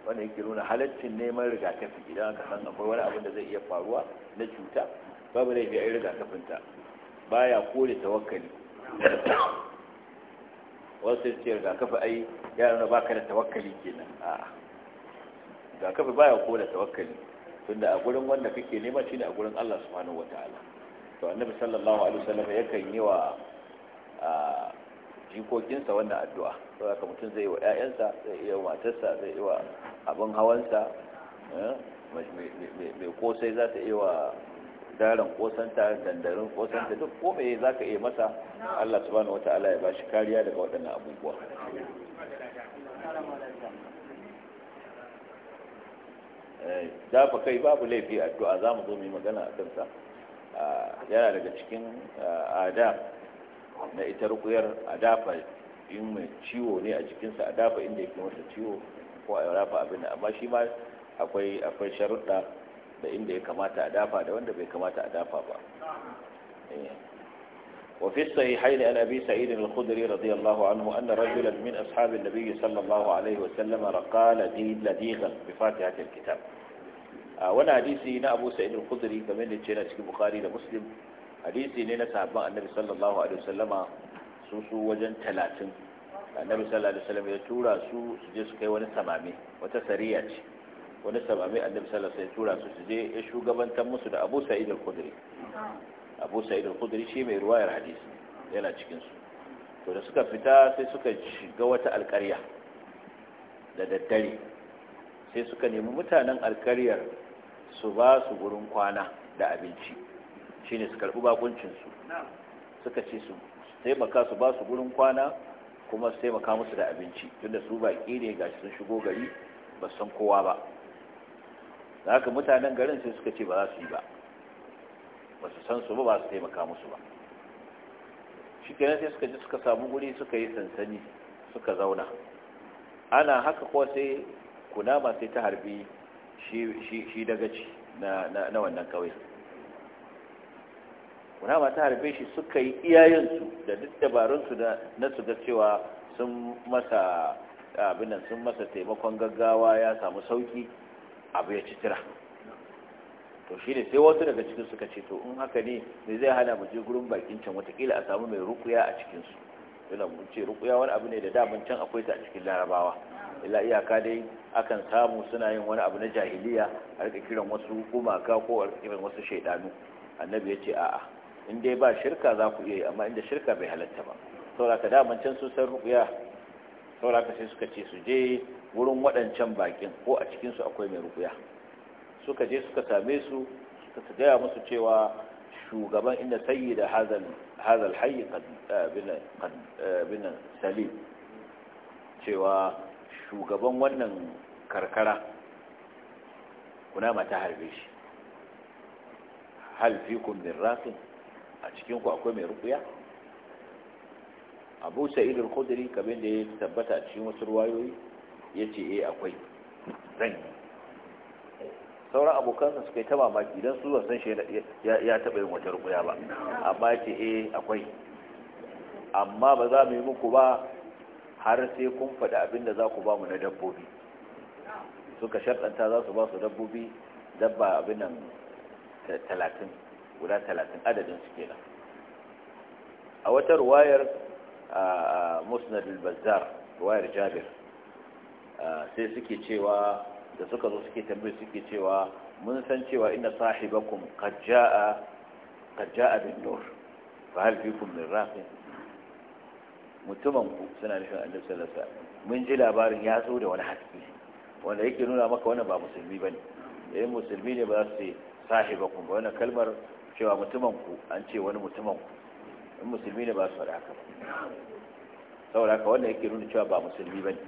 wanda yake nuna halittin neman rigakafi idan aka san akwai wani abu da zai iya faruwa na cuta babu laifi a yi rigakafinta baya kore tawakkali wasu sai rigakafi ai yaran ba ka da tawakkali kenan a'a rigakafi baya da tawakkali tunda a gurin wanda kake nema shine a gurin Allah subhanahu wataala to annabi sallallahu alaihi wasallam kan yi wa sa wannan addu'a to haka mutum zai yi wa ƴaƴansa zai yi wa matarsa zai yi wa abin hawansa eh, mai kosai za ta yi wa daren kosanta dandarin kosanta duk kome za ka iya masa Allah subhanahu wataala ya ba shi kariya daga waɗannan abubuwa Eh, dafa kai babu laifi addu'a za mu zo mu yi magana a kansa ah, yana daga cikin ah, ada na ita rukuyar a dafa in mai ciwo ne a jikinsa a dafa inda yake masa ciwo ko a dafa abin amma shi ma akwai akwai sharuɗa da inda ya kamata a dafa da wanda bai kamata a dafa ba eh. وفي الصحيحين عن أبي سعيد الخدري رضي الله عنه أن رجلا من أصحاب النبي صلى الله عليه وسلم رقال دين لديغا بفاتحة الكتاب وانا حديثي نا أبو سعيد الخدري كمان لتشينا سكي بخاري لمسلم حديثي نينا صحابة النبي صلى الله عليه وسلم سوسو وجن ثلاثين النبي صلى الله عليه وسلم يتورا سو سجس كي ونسمامي وتسريات ونسمامي النبي صلى الله عليه وسلم يتورا سو سجي يشو قبن تمسو أبو سعيد الخدري abu sa'id al-khudri shi mai ruwayar hadisi yana cikin su to da suka fita sai suka shiga wata alƙarya da daddare sai suka nemi mutanen alƙaryar su ba su gurin kwana da abinci shine su karbi bakuncin su suka ce su taimaka su ba su gurin kwana kuma su taimaka musu da abinci tunda su baƙi ne gashi sun shigo gari ba san kowa ba da haka mutanen garin sai suka ce ba za su yi ba ba su san su ba ba su taimaka musu ba shi kenan sai suka ji suka samu guri suka yi sansani suka zauna ana haka ko sai kunama sai ta harbi shi dagaci na wannan kawai kunama ta harbe shi suka yi iyayensu da duk dabarunsu na su ga cewa sun masa abinan sun masa taimakon gaggawa ya samu sauki abu ya ci tira to shi ne sai wasu daga cikin suka ce to in haka ne me zai hana mu je gurin bakin can watakila a samu mai rukuya a cikinsu yana mun ce rukuya wani abu ne da daman can akwai ta a cikin larabawa illa iyaka dai akan samu suna yin wani abu na jahiliya a rika kiran wasu gumaka ko a kiran wasu shaidanu annabi ya ce a'a in dai ba shirka za ku iya yi amma inda shirka bai halatta ba sauraka daman can sun san rukuya sauraka sai suka ce su je wurin waɗancan bakin ko a cikinsu akwai mai rukuya suka je suka same su suka gaya musu cewa shugaban inda sayi da hazal hayi eh, binan eh, salim cewa shugaban wannan karkara kuna mata harbe shi halfikun min rafin a cikinku akwai mai rukuya abu sa'id al-khudri kamar da ya tabbata a cikin wasu ruwayoyi yace eh akwai zan sauran abokansa suka yi ta mamaki don su wasan shi ya taɓa yin wata rukuya ba amma ce eh akwai amma ba za mu yi muku ba har sai kun faɗi abinda za ku ba mu na dabbobi suka sharɗanta za su ba su dabbobi dabba abin nan talatin guda talatin adadin su kenan a wata ruwayar musnad al-bazzar ruwayar jabir sai suke cewa da suka zo suke tambayi suke cewa mun san cewa ina sahibakum qad jaa qad jaa bin nur fa hal fikum min rafin mutumin ku suna nufin annabi sallallahu alaihi wasallam mun ji labarin ya zo da wani haske wanda yake nuna maka wannan ba musulmi bane idan eh, musulmi ne ba za su ce sahibakum ba wannan kalmar cewa mutumin ku an ce wani mutumin ku in musulmi ne ba su faɗa haka ba saboda haka wannan yake nuna cewa ba musulmi bane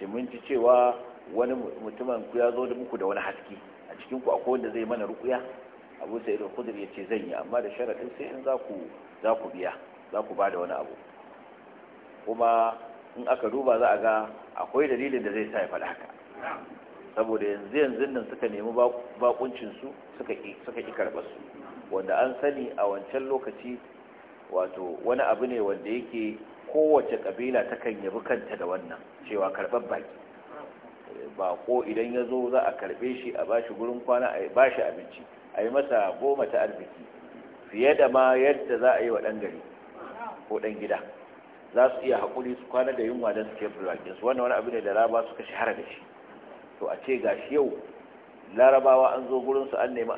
ce mun ci cewa wani mutumin ku ya zo da muku da wani haske a cikin ku akwai wanda zai mana rukuya abu sai da kudur ya ce zan yi amma da sharaɗin sai in za ku za ku biya za ku ba da wani abu kuma in aka duba za a ga akwai dalilin da zai sa ya faɗa haka saboda yanzu yanzu nan suka nemi bakuncinsu suka ƙi karɓar su wanda an sani a wancan lokaci wato wani abu ne wanda yake kowace kabila kan yabi kanta da wannan cewa karɓar baki ba ko idan ya zo za a karɓe shi a bashi gurin kwana a bashi abinci a yi masa goma ta arziki fiye da ma yadda za a yi wa ɗan gari ko ɗan gida za su iya haƙuri su kwana da yunwa don su ke wannan wani abu ne da raba suka shahara da shi to a ce ga shi yau larabawa an zo gurin su an nemi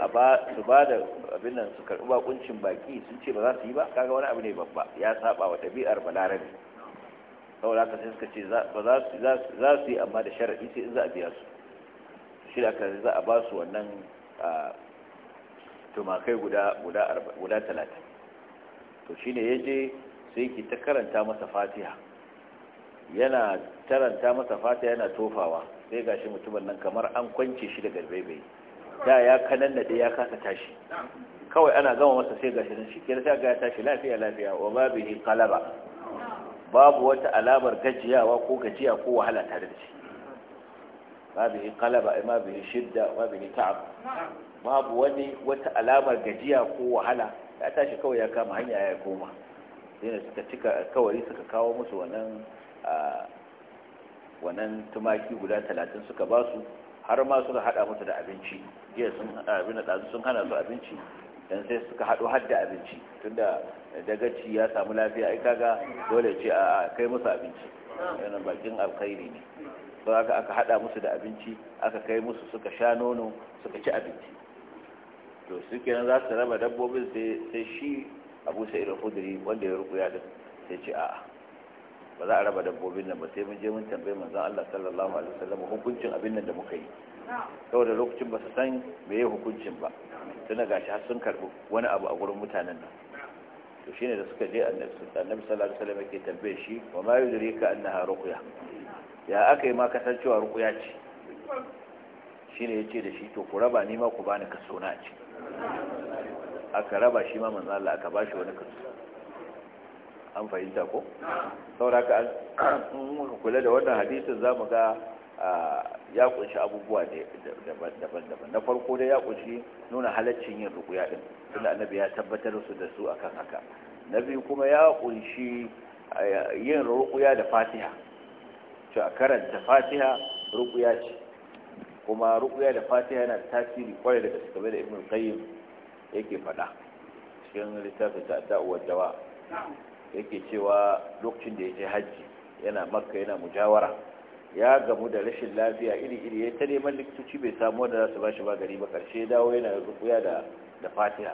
su ba da abin nan su karɓi bakuncin baki sun ce ba za su yi ba kaga wani abu ne babba ya saba wa ɗabi'ar ba balarabe kawai haka sai suka ce za su yi amma da sharaɗi sai in za a biya su shi da aka za a ba su wannan tumakai guda talatin to shi ne ya je sai ki ta karanta masa fatiha yana taranta masa fatiha yana tofawa sai ga shi mutumin nan kamar an kwance shi daga baibai da ya kanan da ya kasa tashi kawai ana gama masa sai ga shi nan shi ke sai ga ya tashi lafiya lafiya wa babihi qalaba babu wata alamar gajiyawa ko gajiya ko wahala tare da shi babihi qalaba ma bi shidda wa bi ta'ab babu wani wata alamar gajiya ko wahala ya tashi kawai ya kama hanya ya koma sai suka cika kawai suka kawo musu wannan ah, wannan tumaki guda talatin suka ba su har ma suka hada musu da abinci jiya sun abin da ɗazu sun hana su abinci dan sai suka haɗo har da abinci tunda dagaci ya samu lafiya ai kaga dole ce a kai musu abinci yana bakin alkhairi ne sau aka aka hada musu da abinci aka kai musu suka sha nono suka ci abinci to su kenan za su raba dabbobin sai shi abu sa'ir al-khudri wanda ya rukuya din sai ce a'a ba za a raba dabbobin nan ba sai mun je mun tambaye manzon Allah sallallahu alaihi wasallam hukuncin abin nan da muka yi saboda lokacin ba su san me ya hukuncin ba tana gashi har sun karbi wani abu a gurin mutanen nan to shine da suka je annabi sallallahu alaihi wasallam yake tambaye shi wa ma yudrika annaha ruqya ya aka yi ma kasancewa ruqya ce shine yace da shi to ku raba ni ma ku bani kaso na ce aka raba shi ma manzo Allah aka bashi wani kaso an fahimta ko sauraka an kula da wannan hadisin za mu ga ya kunshi abubuwa daban-daban na farko dai ya kunshi nuna halaccin yin rukuya din tunda annabi ya tabbatar su da su akan haka na biyu kuma ya kunshi yin rukuya da fatiha a karanta fatiha rukuya ce kuma rukuya da fatiha yana tasiri kwarai da gaske game da ibn qayyim yake faɗa cikin littafin ta'da'u wa dawa yake cewa lokacin da ya je hajji yana makka yana mujawara ya gamu da rashin lafiya iri-iri ya ta neman likitoci bai samu wanda za su ba shi magani ba karshe dawo yana rukuya da da fatiha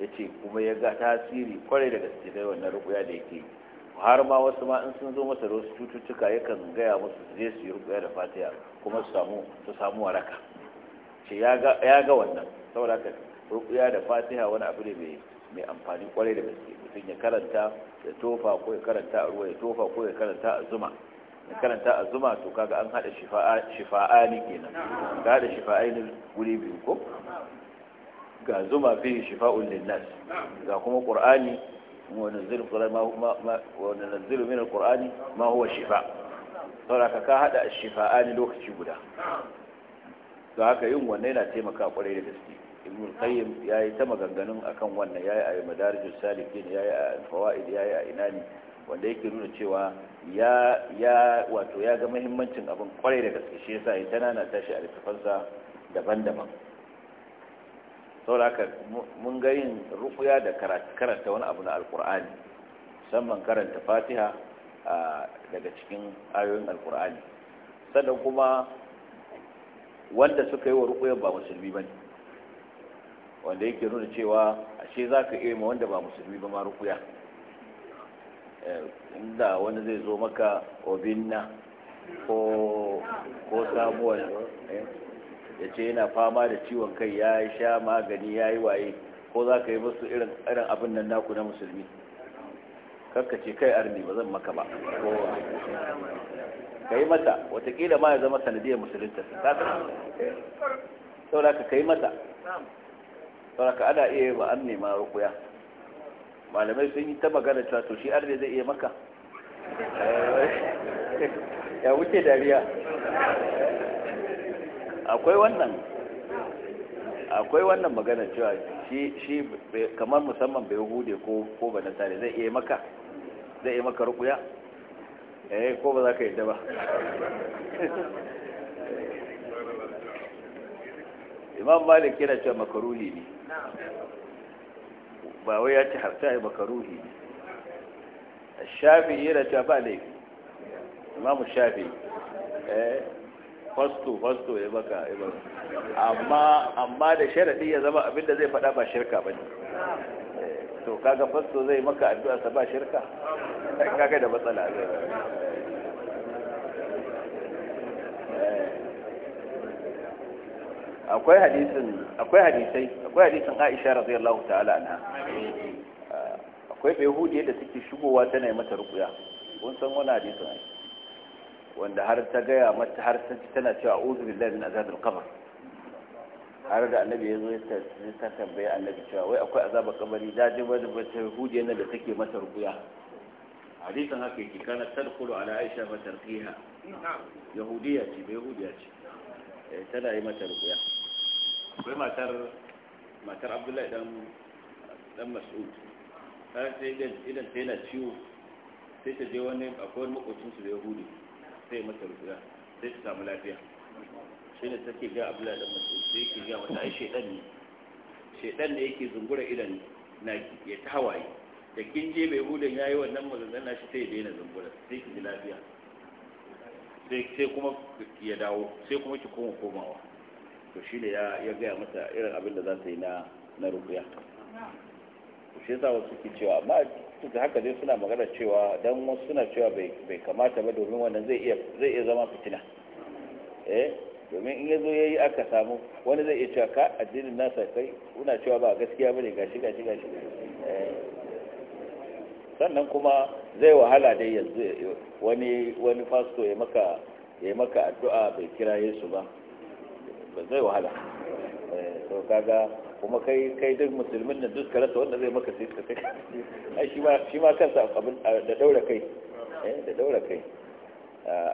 ya ce kuma ya ga tasiri kwarai da gaske da wannan rukuya da yake har ma wasu ma in sun zo masa da wasu cututtuka kan gaya musu su je su yi rukuya da fatiha kuma su samu su samu waraka ce ya ga wannan saboda haka rukuya da fatiha wani abu ne mai amfani kwarai da gaske mutum ya karanta Da tofa ko ya karanta a ruwa ya tofa ko ya karanta a zuma ya karanta a zuma to kaga an hada shifa'ani kenan ka hada ne guri biyu ko ga zuma fi shifa'un lillas ga kuma qur'ani وننزل ما min al من ma huwa shifa saboda ka hada ne lokaci guda to haka yin wannan yana taimaka kwarai da gaske ibn qayyim yayi ta maganganun akan wannan yayi a madarijus salikin yayi a fawaid yayi a inani wanda yake nuna cewa ya ya wato ya ga muhimmancin abin kwarai da gaske shi yasa ya tana na tashi a littafansa daban-daban saboda mun ga yin rukuya da karanta wani abu na alkur'ani musamman karanta fatiha daga cikin ayoyin alkur'ani sannan kuma wanda suka yi wa rukuyar ba musulmi ba ne wanda yake nuna cewa ashe za ka iya wanda ba musulmi ba ma eh, inda wani zai zo maka obinna ko samuwar eh, ya ce yana fama da ciwon kai ya sha magani ya yi waye ko za ka yi musu irin abin nan naku na musulmi karka ce kai arni ba zan maka ba ko ka yi mata watakila ma ya zama sanadiyar musulunta ta saura eh, ka yi mata saboda ana iya yi an nema rukuya malamai sun yi ta magana cewa to shi arne zai iya maka eh, ya wuce dariya akwai wannan akwai wannan magana cewa shi kamar musamman bai hude ko ko ba tare zai iya maka zai iya maka rukuya eh ko ba za ka yadda ba imam malik yana cewa makaruni ne ba wai ya ce harta ya ruhi ne shafi'i yana ta ba laifi imamu shafi'i eh fasto fasto ya baka amma amma da sharaɗi ya zama abinda zai faɗa ba shirka ba ne. Eh, to kaga fasto zai maka addu'arsa ba shirka kaga da matsala zai eh, eh. akwai hadisin akwai hadisai akwai hadisin Aisha radiyallahu ta'ala anha ah, akwai bai da suke shigowa tana mata rukuya kun san wani hadisin ai wanda har ta gaya mata har ta tana cewa a'udhu billahi min azabil qabr har da annabi ya ya ta tambaye annabi cewa wai akwai azabar kabari da ji wani bata hudiya ne da take mata rukuya. hadisan haka yake kana tadkhulu ala aisha fa tarqiha yahudiya ce bai yahudiya ce eh, tana yi mata rukuya. akwai matar matar abdullahi dan dan mas'ud har sai idan idan sai na ciwo sai ta je wani akwai makocin su da yahudi sai mata rubuya sai ta samu lafiya shi ne take ga abdullahi dan mas'ud sai yake ga mata ai shedan ne shedan ne yake zungura idan na ya ta hawaye da kin je bai hudun yayi wannan maganganu shi sai ya daina zungura sai ki ji lafiya sai kuma ya dawo sai kuma ki koma komawa to shi ne ya gaya mata irin abin da za ta yi na rukuya to shi yasa wasu ke cewa amma su da haka dai suna magana cewa don wasu suna cewa bai kamata ba domin wannan zai iya zama fitina eh domin in ya zo ya yi aka samu wani zai iya cewa ka addinin nasa kai kuna cewa ba gaskiya bane gashi gashi gashi eh, sannan kuma zai wahala dai yanzu wani fasto ya maka addu'a bai kira Yesu ba ba zai wahala eh, to kaga kuma kai kai duk musulmin nan duk karasa wanda zai maka sai sai ai shi ma shi ma kansa abin da daura kai eh da daura kai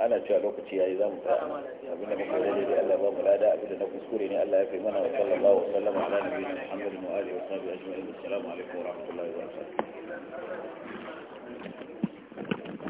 ana cewa lokaci yayi zamu ta abin da muke rage da Allah ba mu lada abin da na kuskure ne Allah ya kai mana wa sallallahu alaihi wa sallam ala nabiyina Muhammadin wa wa sahbihi ajma'in assalamu alaikum wa rahmatullahi wa barakatuh